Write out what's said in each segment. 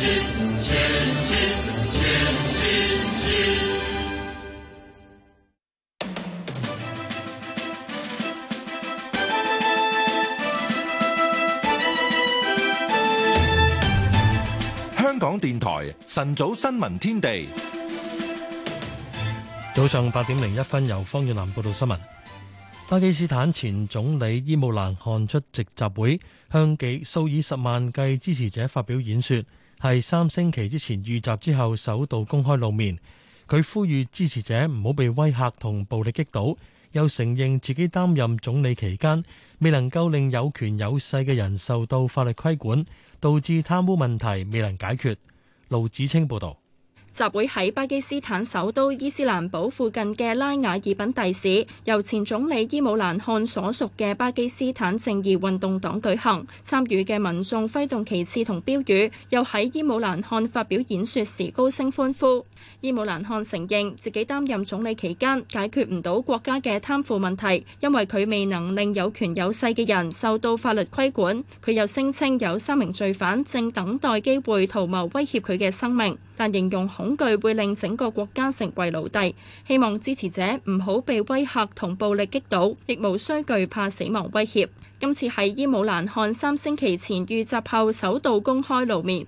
香港電台晨早新聞天地，早上八點零一分，由方遠南報道新聞。巴基斯坦前總理伊姆蘭汗出席集會，向幾數以十萬計支持者發表演說，係三星期之前遇襲之後首度公開露面，佢呼籲支持者唔好被威嚇同暴力擊倒，又承認自己擔任總理期間未能夠令有權有勢嘅人受到法律規管，導致貪污問題未能解決，盧子清報道。集會喺巴基斯坦首都伊斯蘭堡附近嘅拉瓦爾品第市，由前總理伊姆蘭汗所屬嘅巴基斯坦正義運動黨舉行。參與嘅民眾揮動旗幟同標語，又喺伊姆蘭汗發表演說時高聲歡呼。伊姆蘭汗承認自己擔任總理期間解決唔到國家嘅貪腐問題，因為佢未能令有權有勢嘅人受到法律規管。佢又聲稱有三名罪犯正等待機會圖謀威脅佢嘅生命。但形容恐懼會令整個國家成為奴隸，希望支持者唔好被威嚇同暴力擊倒，亦無需懼怕死亡威脅。今次係伊姆蘭漢三星期前遇襲後首度公開露面。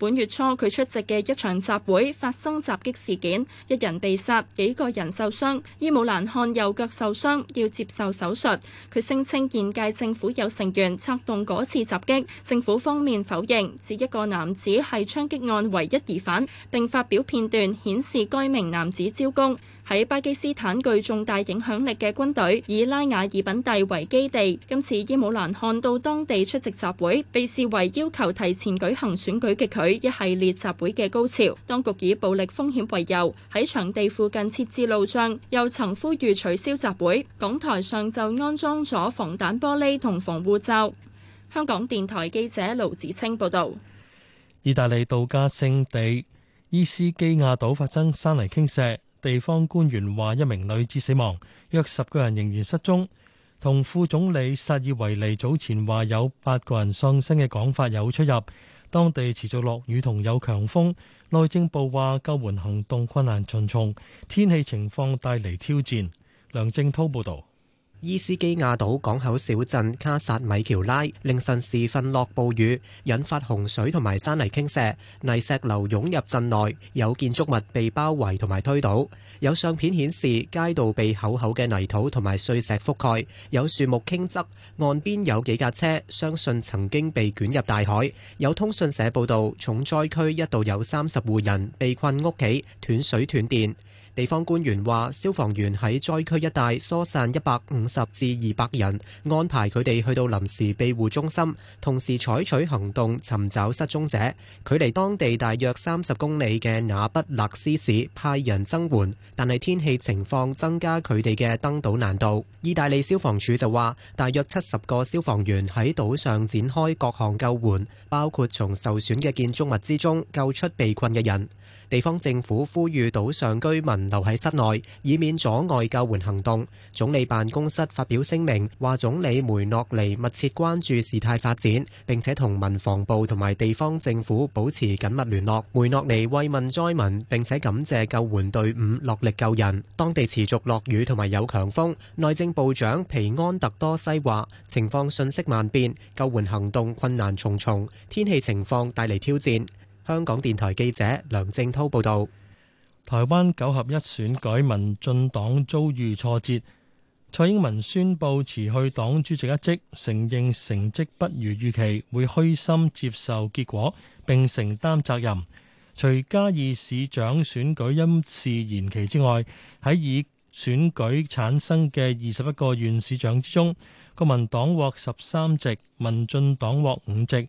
本月初佢出席嘅一場集會發生襲擊事件，一人被殺，幾個人受傷，伊姆蘭漢右腳受傷，要接受手術，佢聲稱現屆政府有成員策動嗰次襲擊，政府方面否認，指一個男子係槍擊案唯一疑犯，並發表片段顯示該名男子招供。喺巴基斯坦具重大影響力嘅軍隊以拉瓦爾品第為基地。今次伊姆蘭漢到當地出席集會，被視為要求提前舉行選舉嘅佢一系列集會嘅高潮。當局以暴力風險為由，喺場地附近設置路障，又曾呼籲取消集會，講台上就安裝咗防彈玻璃同防護罩。香港電台記者盧子清報道，意大利度假勝地伊斯基亞島發生山泥傾瀉。地方官員話一名女子死亡，約十個人仍然失蹤。同副總理薩爾維尼早前話有八個人喪生嘅講法有出入。當地持續落雨同有強風，內政部話救援行動困難重重，天氣情況帶嚟挑戰。梁正濤報道。伊斯基亞島港口小鎮卡薩米喬拉凌晨時分落暴雨，引發洪水同埋山泥傾瀉，泥石流湧入鎮內，有建築物被包圍同埋推倒。有相片顯示街道被厚厚嘅泥土同埋碎石覆蓋，有樹木傾側，岸邊有幾架車，相信曾經被捲入大海。有通訊社報道，重災區一度有三十戶人被困屋企，斷水斷電。地方官員話：消防員喺災區一帶疏散一百五十至二百人，安排佢哋去到臨時庇護中心，同時採取行動尋找失蹤者。距離當地大約三十公里嘅那不勒斯市派人增援，但係天氣情況增加佢哋嘅登島難度。意大利消防處就話：大約七十個消防員喺島上展開各項救援，包括從受損嘅建築物之中救出被困嘅人。地方政府呼籲島上居民留喺室內，以免阻礙救援行動。總理辦公室發表聲明，話總理梅諾尼密切關注事態發展，並且同民防部同埋地方政府保持緊密聯絡。梅諾尼慰問災民，並且感謝救援隊伍落力救人。當地持續落雨同埋有強風。內政部長皮安特多西話：情況瞬息萬變，救援行動困難重重，天氣情況帶嚟挑戰。香港電台記者梁正濤報道。台灣九合一選舉，民進黨遭遇挫折，蔡英文宣布辭去黨主席一職，承認成績不如預期，會虛心接受結果，並承擔責任。除嘉義市長選舉因事延期之外，喺已選舉產生嘅二十一個縣市長之中，國民黨獲十三席，民進黨獲五席。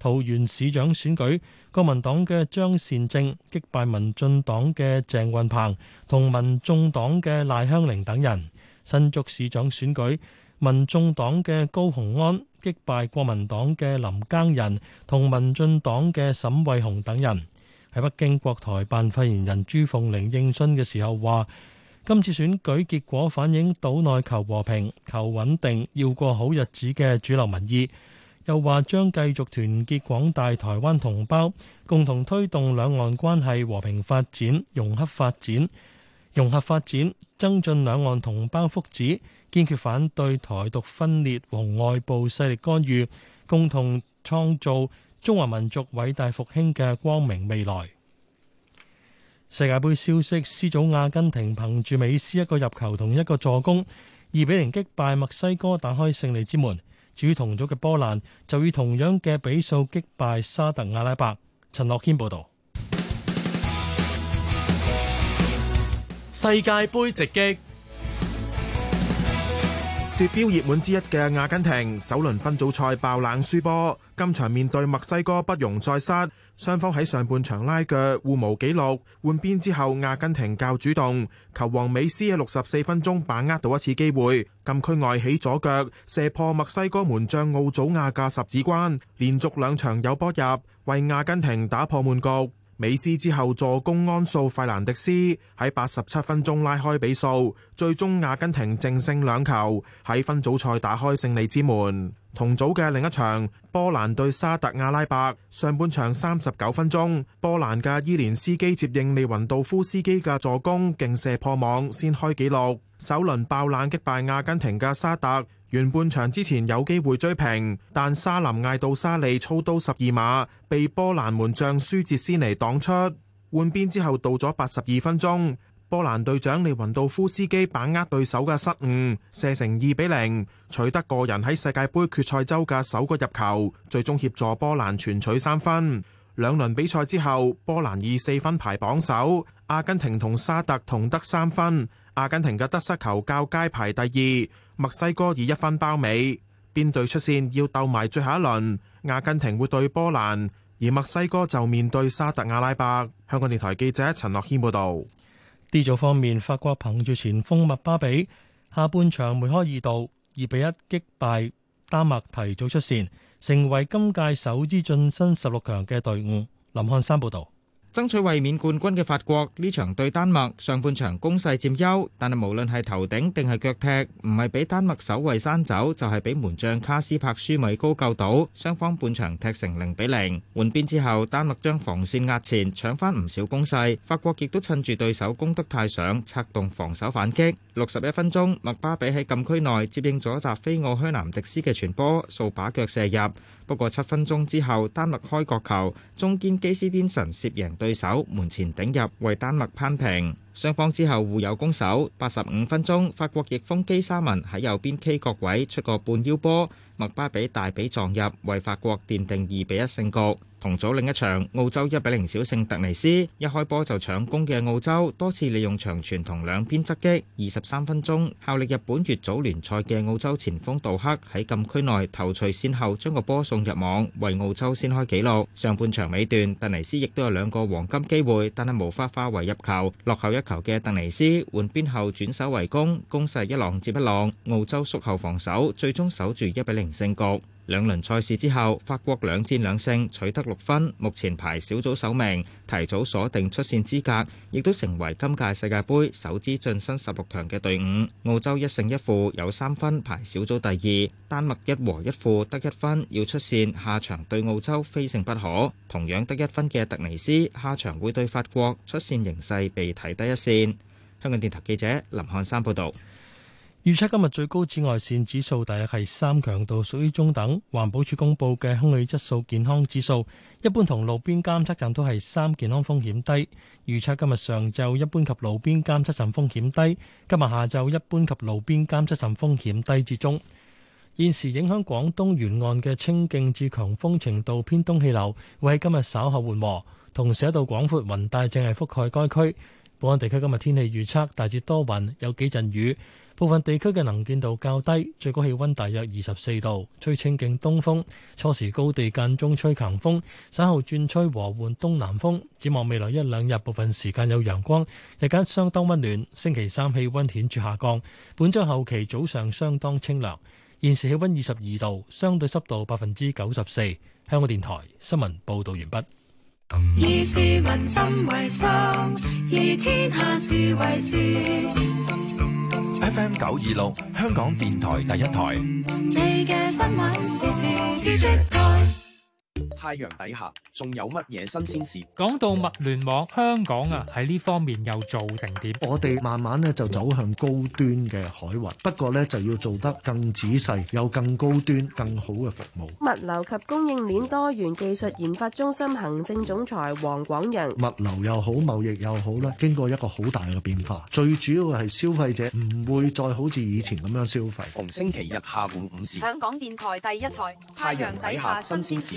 桃園市長選舉，國民黨嘅張善政擊敗民進黨嘅鄭運鵬同民眾黨嘅賴香伶等人；新竹市長選舉，民眾黨嘅高虹安擊敗國民黨嘅林耕仁同民進黨嘅沈慧虹等人。喺北京國台辦發言人朱鳳蓮應詢嘅時候話：今次選舉結果反映島內求和平、求穩定、要過好日子嘅主流民意。又話將繼續團結廣大台灣同胞，共同推動兩岸關係和平發展、融合發展、融合發展，增進兩岸同胞福祉，堅決反對台獨分裂同外部勢力干預，共同創造中華民族偉大復興嘅光明未來。世界盃消息：C 組阿根廷憑住美斯一個入球同一個助攻，二比零擊敗墨西哥，打開勝利之門。主同組嘅波蘭就以同樣嘅比數擊敗沙特阿拉伯。陳樂謙報道。世界杯直擊。奪標熱門之一嘅阿根廷，首輪分組賽爆冷輸波，今場面對墨西哥不容再失。雙方喺上半場拉鋸互無紀錄，換邊之後阿根廷較主動。球王美斯喺六十四分鐘把握到一次機會，禁區外起左腳射破墨西哥門將奧祖亞嘅十指關，連續兩場有波入，為阿根廷打破悶局。美斯之後助攻安素費蘭迪斯喺八十七分鐘拉開比數，最終阿根廷淨，淨勝兩球，喺分組賽打開勝利之門。同組嘅另一場波蘭對沙特阿拉伯，上半場三十九分鐘，波蘭嘅伊連斯基接應利雲道夫斯基嘅助攻勁射破網，先開紀錄。首輪爆冷擊敗阿根廷嘅沙特，完半場之前有機會追平，但沙林艾杜沙利操刀十二碼被波蘭門將舒哲斯尼擋出。換邊之後到咗八十二分鐘。波蘭隊長利雲道夫斯基把握對手嘅失誤，射成二比零，取得個人喺世界杯決賽周嘅首個入球，最終協助波蘭全取三分。兩輪比賽之後，波蘭以四分排榜首，阿根廷同沙特同得三分，阿根廷嘅得失球較佳排第二，墨西哥以一分包尾。邊隊出線要鬥埋最後一輪，阿根廷會對波蘭，而墨西哥就面對沙特阿拉伯。香港電台記者陳樂謙報道。D 組方面，法國憑住前鋒麥巴比下半場梅開二度，二比一擊敗丹麥，提早出線，成為今屆首支晉身十六強嘅隊伍。林漢山報道。爭取衛冕冠軍嘅法國呢場對丹麥，上半場攻勢佔優，但係無論係頭頂定係腳踢，唔係俾丹麥守衛山走，就係、是、俾門將卡斯帕舒米高救到，雙方半場踢成零比零。換邊之後，丹麥將防綫壓前，搶翻唔少攻勢，法國亦都趁住對手攻得太上，策動防守反擊。六十一分鐘，麥巴比喺禁區內接應咗澤菲奧克南迪斯嘅傳波，掃把腳射入。不過七分鐘之後，丹麥開角球，中堅基斯丁神涉贏對手門前頂入，為丹麥扳平。雙方之後互有攻守，八十五分鐘，法國翼鋒基沙文喺右邊 K 角位出個半腰波。麥巴比大比撞入，為法國奠定二比一勝局。同組另一場，澳洲一比零小勝突尼斯。一開波就搶攻嘅澳洲，多次利用長傳同兩邊側擊。二十三分鐘，效力日本乙組聯賽嘅澳洲前鋒杜克喺禁區內頭槌先後將個波送入網，為澳洲先開紀錄。上半場尾段，突尼斯亦都有兩個黃金機會，但係無法化為入球。落後一球嘅突尼斯換邊後轉守為攻，攻勢一浪接一浪。澳洲縮後防守，最終守住一比零勝局兩輪賽事之後，法國兩戰兩勝，取得六分，目前排小組首名，提早鎖定出線資格，亦都成為今屆世界杯首支晉身十六強嘅隊伍。澳洲一勝一負，有三分排小組第二；丹麥一和一負得一分，要出線下場對澳洲非勝不可。同樣得一分嘅突尼斯，下場會對法國出線形勢被睇低一線。香港電台記者林漢山報道。預測今日最高紫外線指數大約係三，強度屬於中等。環保署公布嘅空氣質素健康指數一般，同路邊監測站都係三，健康風險低。預測今日上晝一般及路邊監測站風險低，今日下晝一般及路邊監測站風險低至中。現時影響廣東沿岸嘅清勁至強風程度偏東氣流會喺今日稍後緩和，同時一道廣闊雲帶正係覆蓋該區。本港地區今日天氣預測大致多雲，有幾陣雨。部分地區嘅能見度較低，最高氣温大約二十四度，吹清勁東風，初時高地間中吹強風，稍後轉吹和緩東南風。展望未來一兩日，部分時間有陽光，日間相當温暖。星期三氣温顯著下降，本週後期早上相當清涼。現時氣温二十二度，相對濕度百分之九十四。香港電台新聞報導完畢。M 九二六，26，香港電台第一台。太陽底下仲有乜嘢新鮮事？講到物聯網，香港啊喺呢方面又做成點？我哋慢慢咧就走向高端嘅海運，不過咧就要做得更仔細，有更高端、更好嘅服務。物流及供應鏈多元技術研發中心行政總裁黃廣揚：物流又好，貿易又好啦，經過一個好大嘅變化，最主要係消費者唔會再好似以前咁樣消費。逢星期日下午五時，香港電台第一台，太陽底下新鮮事。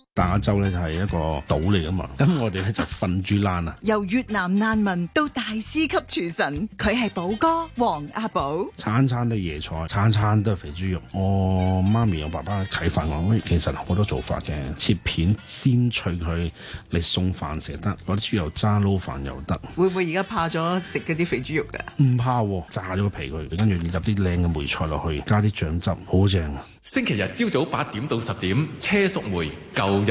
亞洲咧就係一個島嚟噶嘛，咁我哋咧就瞓豬欄啊！由越南難民到大師級廚神，佢係寶哥黃阿寶。餐餐都椰菜，餐餐都肥豬肉。我媽咪、我爸爸啟發我，其實好多做法嘅，切片煎脆佢，你送飯食得，攞啲豬油渣撈飯又得。會唔會而家怕咗食嗰啲肥豬肉㗎？唔怕喎，炸咗個皮佢，跟住入啲靚嘅梅菜落去，加啲醬汁，好正啊！星期日朝早八點到十點，車淑梅舊日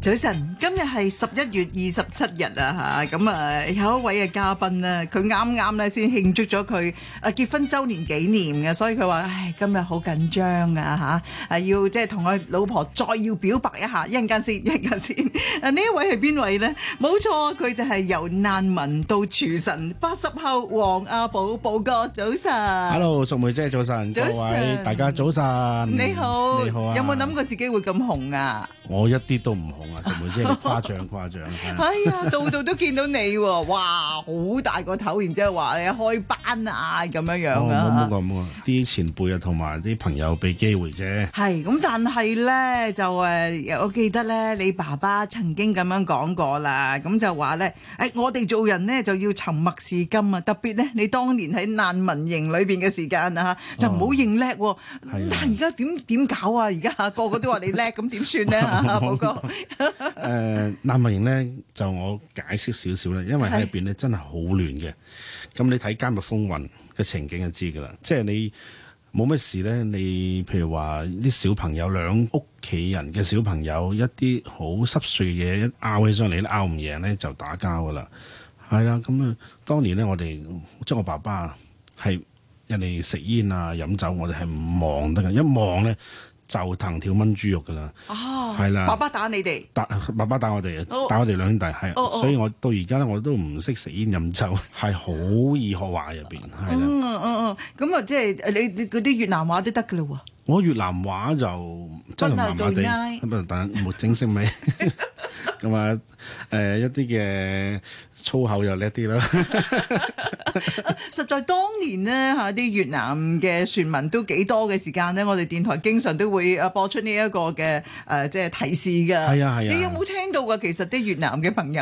早晨，今日係十一月二十七日啊，吓，咁啊，有一位嘅嘉賓咧，佢啱啱咧先慶祝咗佢誒結婚周年紀念嘅，所以佢話唉，今日好緊張噶吓，係要即係同我老婆再要表白一下，一陣間先，一陣間先。啊，呢位係邊位咧？冇錯，佢就係由難民到廚神八十後黃阿寶寶哥，早晨。Hello，淑梅姐，早晨，各位大家早晨。你好，你好。有冇諗過自己會咁紅啊？我一啲都唔紅啊，就唔會即係誇張誇張。哎呀，度度都見到你喎，哇，好大個頭，然之後話你開班啊咁樣樣啊嚇。唔好咁喎，啲前輩啊同埋啲朋友俾機會啫。係咁，但係咧就誒，我記得咧，你爸爸曾經咁樣講過啦，咁就話咧，誒我哋做人咧就要沉默是金啊，特別咧你當年喺難民營裏邊嘅時間啊嚇，就唔好認叻喎。係啊。但係而家點點搞啊？而家個個都話你叻，咁點算咧嚇？啊，報告！誒，難民營咧，就我解釋少少啦，因為喺入邊咧真係好亂嘅。咁是你睇《監獄風雲》嘅情景就知噶啦，即係你冇乜事咧，你譬如話啲小朋友兩屋企人嘅小朋友，一啲好濕碎嘢一拗起上嚟，拗唔贏咧就打交噶啦。係啊，咁啊，當年咧我哋即係我爸爸係人哋食煙啊飲酒，我哋係唔望得嘅，一望咧，就藤條炆豬肉㗎啦，係啦、啊的，爸爸打你哋，打爸爸打我哋，打我哋兩兄弟係，oh, oh. 所以我到而家我都唔識食煙飲酒，係好易學壞入邊，係啦。嗯嗯嗯，咁啊，即係你嗰啲越南話都得㗎啦喎。我越南話就真係麻麻地，不過但係冇精識咪。 咁啊，誒，一啲嘅粗口又叻啲啦。實在當年咧，吓啲越南嘅船民都幾多嘅時間咧，我哋電台經常都會誒播出呢一個嘅誒，即係提示噶。係啊係啊，啊你有冇聽到過？其實啲越南嘅朋友。